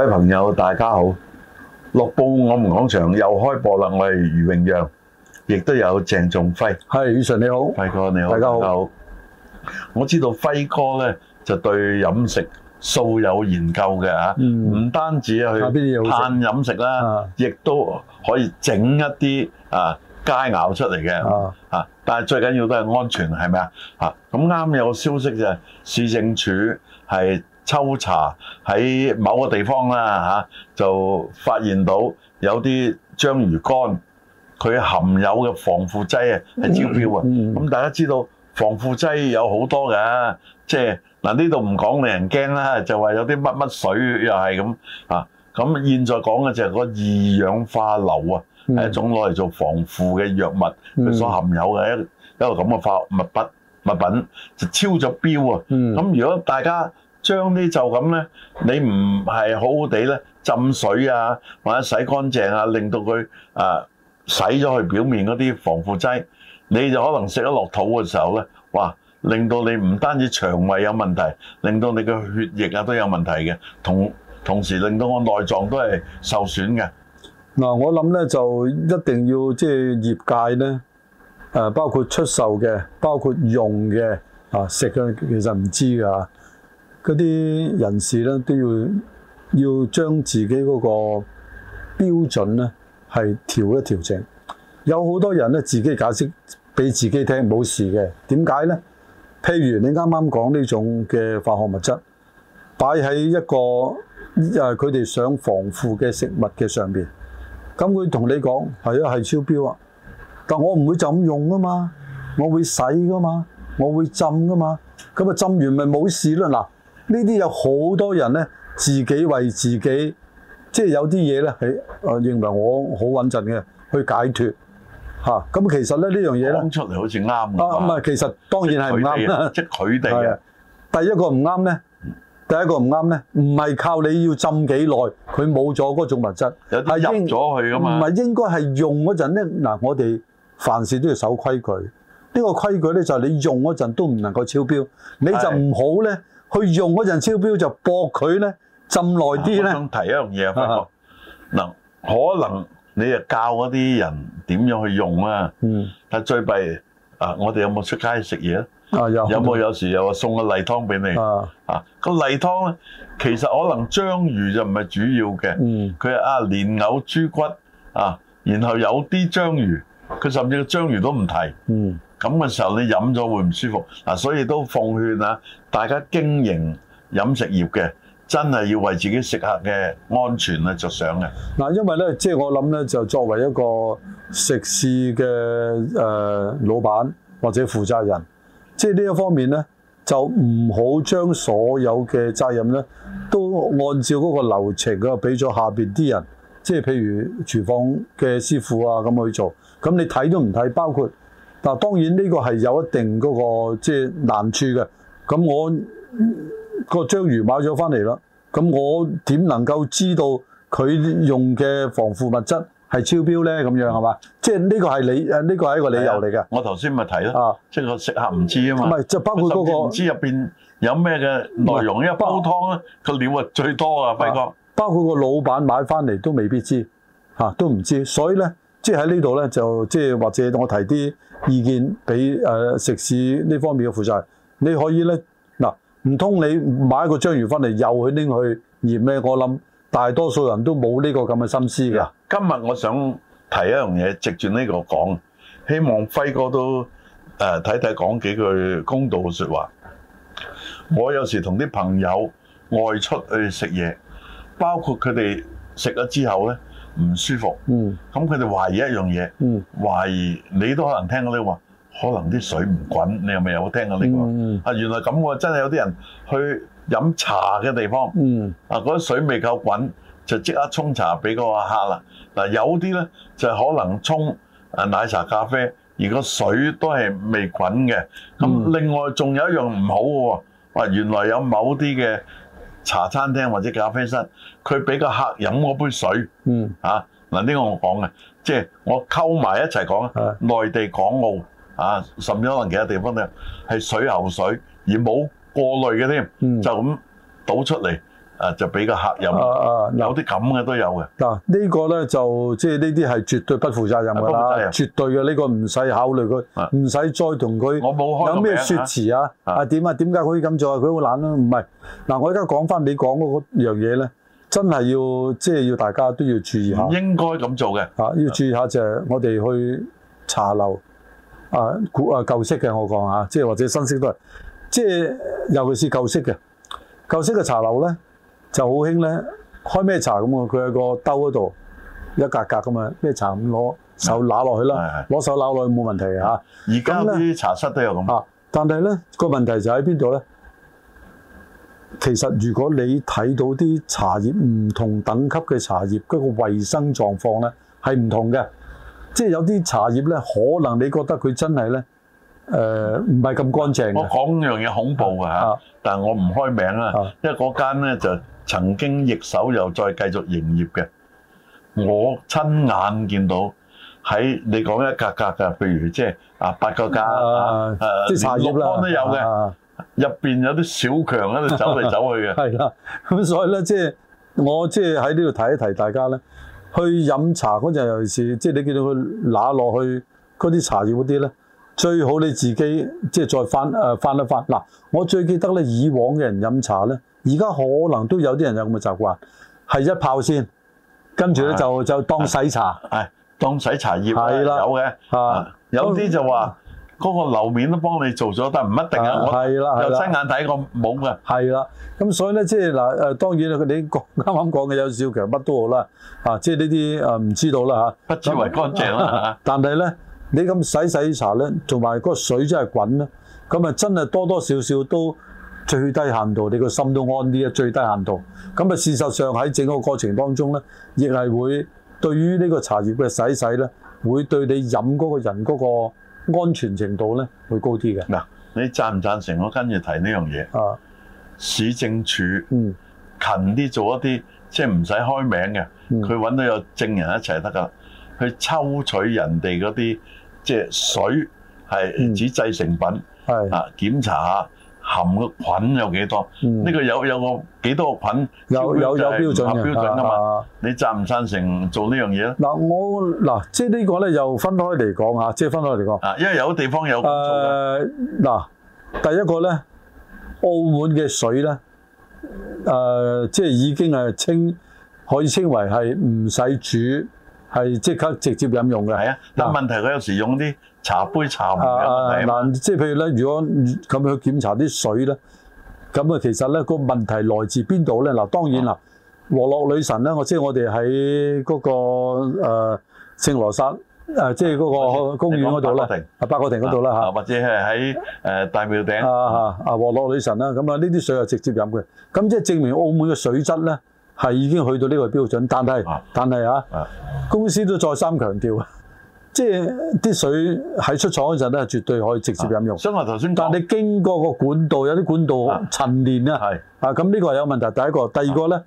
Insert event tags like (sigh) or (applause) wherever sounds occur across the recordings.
各位朋友，大家好！部我不《樂報》我們廣場又開播啦！我係余榮讓，亦都有鄭仲輝。係余 Sir 你好，輝哥你好，大家好。我知道輝哥咧就對飲食素有研究嘅啊，唔、嗯、單止去嘆飲食啦，亦都可以整一啲啊佳肴出嚟嘅啊。但係最緊要都係安全，係咪啊？吓咁啱有個消息就係市政署係。抽查喺某個地方啦嚇、啊，就發現到有啲章魚乾佢含有嘅防腐劑啊係超標啊！咁、嗯嗯嗯嗯、大家知道防腐劑有好多㗎，即係嗱呢度唔講令人驚啦，就話有啲乜乜水又係咁啊！咁、啊、現在講嘅就係嗰二氧化硫啊，係、嗯、一種攞嚟做防腐嘅藥物，佢、嗯、所含有嘅一一個咁嘅化物品物品就超咗標啊！咁、嗯嗯、如果大家將啲就咁咧，你唔係好好地咧浸水啊，或者洗乾淨啊，令到佢啊洗咗佢表面嗰啲防腐劑，你就可能食咗落肚嘅時候咧，哇！令到你唔單止腸胃有問題，令到你嘅血液啊都有問題嘅，同同時令到我內臟都係受損嘅。嗱，我諗咧就一定要即係業界咧，誒包括出售嘅，包括用嘅啊食嘅，其實唔知㗎。嗰啲人士咧都要要將自己嗰個標準咧係調一調整。有好多人咧自己解釋俾自己聽冇事嘅，點解咧？譬如你啱啱講呢種嘅化學物質擺喺一個誒佢哋想防腐嘅食物嘅上面，咁佢同你講係啊係超標啊，但我唔會就咁用啊嘛，我會洗噶嘛，我會浸噶嘛，咁啊浸完咪冇事啦嗱。呢啲有好多人咧，自己為自己，即係有啲嘢咧，係啊認為我好穩陣嘅，去解脫嚇咁、啊、其實咧呢樣嘢咧，出嚟好似啱啊唔係，其實當然係唔啱即係佢哋啊。第一個唔啱咧，第一個唔啱咧，唔係靠你要浸幾耐，佢冇咗嗰種物質，係入咗佢㗎嘛。唔係應該係用嗰陣咧嗱，我哋凡事都要守規矩。呢、呢個規矩咧就係、係、你用嗰陣都唔能夠超標，你就唔好咧。去用嗰陣超標就駁佢咧，浸耐啲咧。啊、我想提一樣嘢啊，嗱，可能你啊教嗰啲人點樣去用啊。嗯。但最弊啊，我哋有冇出街食嘢啊？有。有冇有，有時又話送個例湯俾你？啊。啊，個例湯咧，其實可能章魚就唔係主要嘅。嗯。佢係啊，蓮藕豬骨啊，然後有啲章魚，佢甚至章魚都唔提。嗯。咁嘅時候你飲咗會唔舒服嗱，所以都奉勸啊，大家經營飲食業嘅，真係要為自己食客嘅安全啊着想嘅嗱，因為咧，即係我諗咧，就作為一個食肆嘅誒老闆或者負責人，即係呢一方面咧，就唔好將所有嘅責任咧，都按照嗰個流程啊，俾咗下面啲人，即係譬如廚房嘅師傅啊咁去做，咁你睇都唔睇，包括。嗱，當然呢個係有一定嗰個即係難處嘅。咁我個章魚買咗翻嚟啦，咁我點能夠知道佢用嘅防腐物質係超標咧？咁樣係嘛？即係呢個係理呢、呢個係一個理由嚟嘅，啊。我頭先咪睇啦啊，即係個食客唔知啊嘛。唔係，就包括嗰、嗰個唔知入面有咩嘅內容。一煲湯咧，個料啊最多啊，輝、啊、哥、啊。包括個老闆買翻嚟都未必知，嚇、啊、都唔知，所以咧。即喺呢度咧，就即或者我提啲意見俾、呃、食肆呢方面嘅負責人，你可以咧嗱，唔通你買一個章魚翻嚟又去拎去而咩？我諗大多數人都冇呢個咁嘅心思㗎。今日我想提一樣嘢，借住呢個講，希望輝哥都睇睇講幾句公道嘅說話。我有時同啲朋友外出去食嘢，包括佢哋食咗之後咧。唔舒服，咁佢哋懷疑一樣嘢、嗯，懷疑你都可能聽過啲、這、話、個，可能啲水唔滾，你又未有聽過呢、這個？啊、嗯，原來咁喎，真係有啲人去飲茶嘅地方，啊，嗰啲水未夠滾，就即刻沖茶俾個客啦。嗱，有啲呢，就可能沖啊奶茶咖啡，而個水都係未滾嘅。咁另外仲有一樣唔好喎，啊，原來有某啲嘅。茶餐廳或者咖啡室，佢俾個客飲嗰杯水，嗯、啊、嗱，呢個我講嘅，即係我溝埋一齊講啊，內地港澳啊，甚至可能其他地方咧係水喉水而冇過濾嘅添、嗯，就咁倒出嚟。啊，就俾個客有，有啲咁嘅都有嘅。嗱、啊，呢、這個咧就即係呢啲係絕對不負責任㗎啦，絕對嘅呢、這個唔使考慮佢，唔、啊、使再同佢。我冇有咩説辭啊？啊點啊？點解可以咁做啊？佢好、啊、懶咯。唔係嗱，我而家講返你講嗰樣嘢咧，真係要即係、就是、要大家都要注意下。應該咁做嘅啊，要注意下就係我哋去茶樓啊，古啊舊式嘅我講下，即、就、係、是、或者新式都係，即、就、係、是、尤其是舊式嘅舊式嘅茶樓咧。就好興咧，開咩茶咁啊？佢喺個兜嗰度一格格咁啊，咩茶咁攞手攞落去啦，攞手攞落去冇問題嘅嚇。而家啲茶室都有咁啊，但係咧個問題就喺邊度咧？其實如果你睇到啲茶葉唔同等級嘅茶葉，嗰個衞生狀況咧係唔同嘅，即係有啲茶葉咧，可能你覺得佢真係咧誒唔係咁乾淨。我講樣嘢恐怖嘅嚇，啊啊，但係我唔開名啊，啊。因為嗰間咧就。曾經逆手又再繼續營業嘅，我親眼見到喺你講一格格嘅，譬如即係啊八個格即、啊啊、即茶葉啦，都有嘅。入、啊、邊有啲小強喺度走嚟走去嘅。係啦，咁所以咧、就是，即係我即係喺呢度提一提大家咧，去飲茶嗰陣，尤其是即係、就是、你見到佢攞落去嗰啲茶葉嗰啲咧，最好你自己即係再翻誒翻一翻。嗱、啊，我最記得咧，以往嘅人飲茶咧。而家可能都有啲人有咁嘅習慣，係一泡先，跟住咧就就當洗茶，係當洗茶葉啦。有嘅，有啲就話嗰個樓面都幫你做咗，但唔一定啊。係啦，又親眼睇過冇嘅。係啦，咁所以咧，即係嗱當然你啱啱講嘅有少少其實乜都好啦。即係呢啲唔知道啦不知為乾淨啦，啊啊、但係咧，你咁洗洗茶咧，同埋個水真係滾咧，咁啊真係多多少少都。最低限度，你個心都安啲啊！最低限度，咁啊事實上喺整個過程當中咧，亦係會對於呢個茶葉嘅洗洗咧，會對你飲嗰個人嗰個安全程度咧，會高啲嘅。嗱、啊，你贊唔贊成我跟住提呢樣嘢？啊，市政署嗯，勤啲做一啲即係唔使開名嘅，佢、嗯、搵到有證人一齊得噶啦，去抽取人哋嗰啲即係水係只製成品，係、嗯、啊檢查下。含個菌有幾多少？呢、嗯，這個有有個幾多個菌，有有有，有標準㗎嘛？啊、你贊唔贊成做呢樣嘢咧？嗱、啊、我嗱、啊、即係呢個咧又分開嚟講嚇，即係分開嚟講。啊，因為有地方有共嗱、啊啊，第一個咧，澳門嘅水咧，誒、啊、即係已經誒稱可以稱為係唔使煮。係即刻直接飲用嘅，係啊！嗱，問題佢有時用啲茶杯茶壺嘅問題。嗱，即係譬如咧，如果咁樣去檢查啲水咧，咁啊，其實咧個問題來自邊度咧？嗱，當然啦、啊，和樂女神咧，即我知我哋喺嗰個誒、呃、聖羅沙、啊、即係嗰個公園嗰度咧，啊，八角亭嗰度啦嚇，或者係喺誒大廟頂啊啊，和、啊、樂女神啦，咁啊呢啲水係直接飲嘅，咁即係證明澳門嘅水質咧。係已經去到呢個標準，但係、啊、但係啊，啊，公司都再三強調，即係啲水喺出廠嗰陣咧，絕對可以直接飲用。啊、雙雙但你經過個管道，有啲管道陳年啊，啊咁呢、啊、個係有問題。第一個，第二個咧、啊，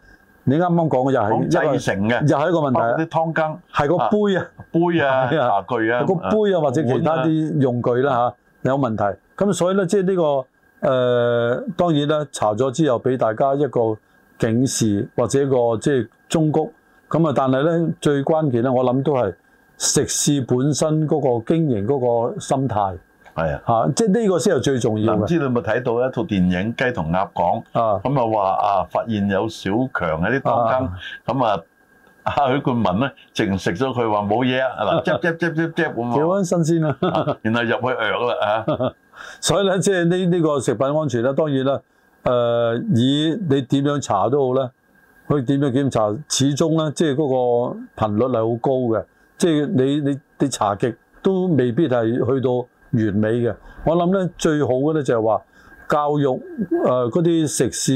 你啱啱講嘅又係製成嘅，又係一個問題。啲湯羹係個杯啊，啊，杯啊，茶具啊，茶具啊啊個杯啊或者其他啲用具啦、啊、嚇、啊啊，有問題。咁所以咧，即係呢、呢個誒、呃，當然咧，查咗之後俾大家一個。警示或者個即係忠告咁啊，但係咧，最關鍵咧，我諗都係食肆本身嗰個經營嗰個心態係啊嚇、啊，即呢個先係最重要，我唔知道你有冇睇到一套電影《雞同鴨講》啊？咁啊話啊，發現有小強喺啲當間，咁啊阿、啊、許冠文咧淨食咗佢話冇嘢啊嗱，執咁，幾、啊、安新鮮啊！然後入去藥啦、啊啊，所以咧即係呢呢個食品安全咧，當然啦。誒、呃，以你點樣查都好咧，去點點樣檢查，始終咧，即係嗰個頻率係好高嘅。即、就、係、是、你你你查極都未必係去到完美嘅。我諗咧，最好嘅咧就係話教育誒嗰啲食肆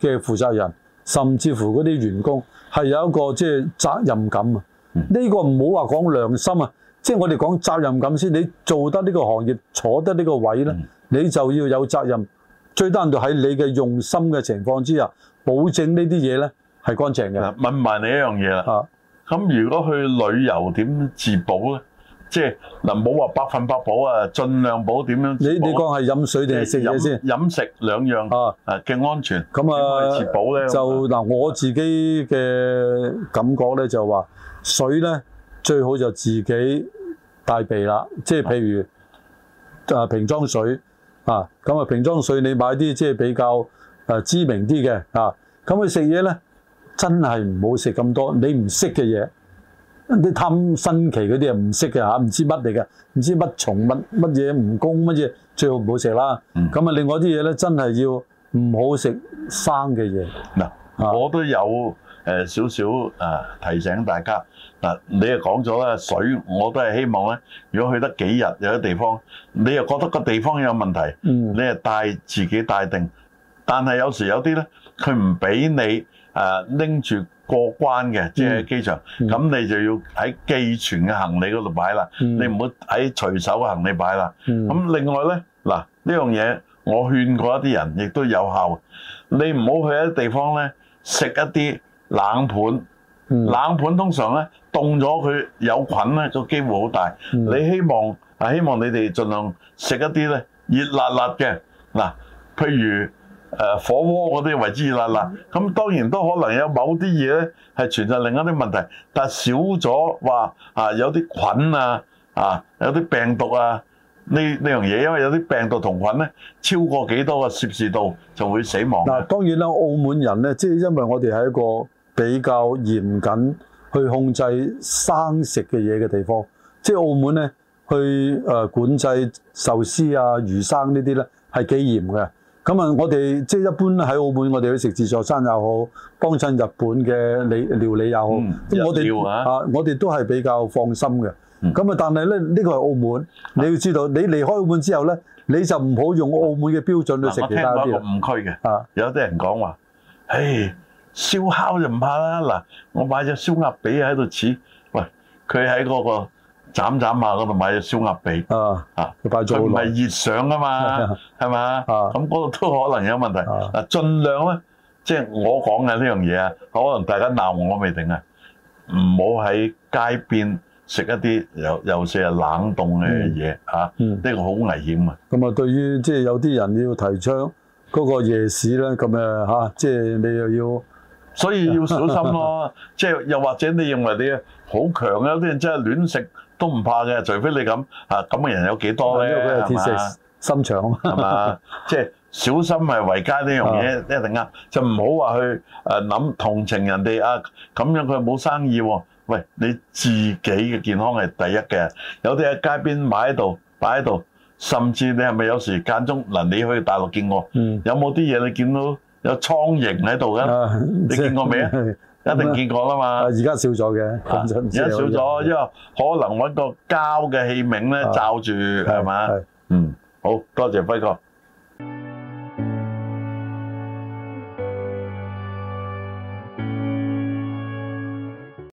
嘅負責人，甚至乎嗰啲員工係有一個即係、就是、責任感啊。呢、嗯、個唔好話講良心啊，即、就、係、是、我哋講責任感先。你做得呢個行業，坐得呢個位咧，你就要有責任。最低限度喺你嘅用心嘅情況之下，保證這些東西呢啲嘢咧係乾淨嘅。問埋你一樣嘢啦。啊，咁、啊、如果去旅遊點自保咧？即係嗱冇話百分百保，盡保，保、呃、啊，儘量保點樣。你你講係飲水定係食嘢先？飲食兩樣啊嘅安全。咁啊，麼自保呢就嗱、啊、我自己嘅感覺咧，就話、是、水咧最好就自己帶備啦。即、就、係、是、譬如啊，瓶、啊、裝水。啊，咁啊瓶裝水你買啲即係比較誒、呃、知名啲嘅啊，咁佢食嘢咧真係唔好食咁多，你唔識嘅嘢，啲貪新奇嗰啲啊唔識嘅嚇，唔知乜嚟嘅，唔知乜蟲乜乜嘢蜈蚣乜嘢，最好唔好食啦。咁啊，另外啲嘢咧真係要唔好食生嘅嘢。嗱、啊，我都有。誒少少啊，提醒大家嗱，你又講咗啦，水我都係希望咧。如果去得幾日，有啲地方你又覺得個地方有問題，你係帶自己帶定。但係有時有啲咧，佢唔畀你誒拎住過關嘅，即係喺機場咁，你就要喺寄存嘅行李嗰度擺啦。你唔好喺隨手嘅行李擺啦。咁另外咧嗱，呢樣嘢我勸過一啲人，亦都有效。你唔好去一啲地方咧食一啲冷盤，冷盤通常咧凍咗佢有菌咧，個機會好大，嗯。你希望啊，希望你哋盡量食一啲咧熱辣辣嘅嗱，譬、呃、如誒、呃、火鍋嗰啲為之熱辣辣。咁當然都可能有某啲嘢咧係存在另一啲問題，但係少咗哇，啊，有啲菌啊，啊有啲病毒啊呢呢樣嘢，因為有啲病毒同菌咧超過幾多個攝氏度就會死亡。嗱，當然啦，澳門人咧，即係因為我哋係一個。比較嚴謹去控制生食嘅嘢嘅地方，即係澳門呢去誒、呃、管制壽司啊、魚生這些呢啲呢係幾嚴嘅。咁、嗯、啊，啊，我哋即係一般喺澳門，我哋去食自助餐又好，幫襯日本嘅理料理又好，我哋啊，我哋都係比較放心嘅。咁啊，但係咧，呢個係澳門，你要知道、啊，你離開澳門之後呢，你就唔好用澳門嘅標準去食其他啲。我聽到一個誤區嘅，有啲人講話，誒。燒烤就唔怕啦，嗱，我買隻燒鴨髀喺度似喂，佢喺嗰個斬斬下嗰度買隻燒鴨髀，啊，佢快唔係熱上啊嘛，係、啊、嘛，咁嗰度都可能有問題。嗱、啊，啊、盡量咧，即、就、係、是、我講嘅呢樣嘢啊，可能大家鬧我未定啊，唔好喺街邊食一啲尤其是係冷凍嘅嘢嚇，呢、這個好危險啊。咁、嗯、啊，對於即係有啲人要提倡嗰、那個夜市呢，咁呀，即、啊、係、就是、你又要。所以要小心咯， (laughs) 即係又或者你認為你好強啊，有啲人真係亂食都唔怕嘅，除非你咁啊，咁嘅人有幾多咧？啊，鐵石心腸啊嘛， (laughs) 即係小心係為家呢樣嘢一定啊，就唔好話去誒諗同情人哋啊，咁樣佢冇生意喎、啊。喂，你自己嘅健康係第一嘅，有啲喺街邊買喺度，擺喺度，甚至你係咪有時間中嗱？你去大陸見我、嗯，有冇啲嘢你見到？有蒼蠅喺度嘅，你見過未啊？一定見過啦嘛。而家少咗嘅，而家少咗，因為可能揾個膠嘅器皿罩、啊、住，係嘛？嗯，好多謝輝哥。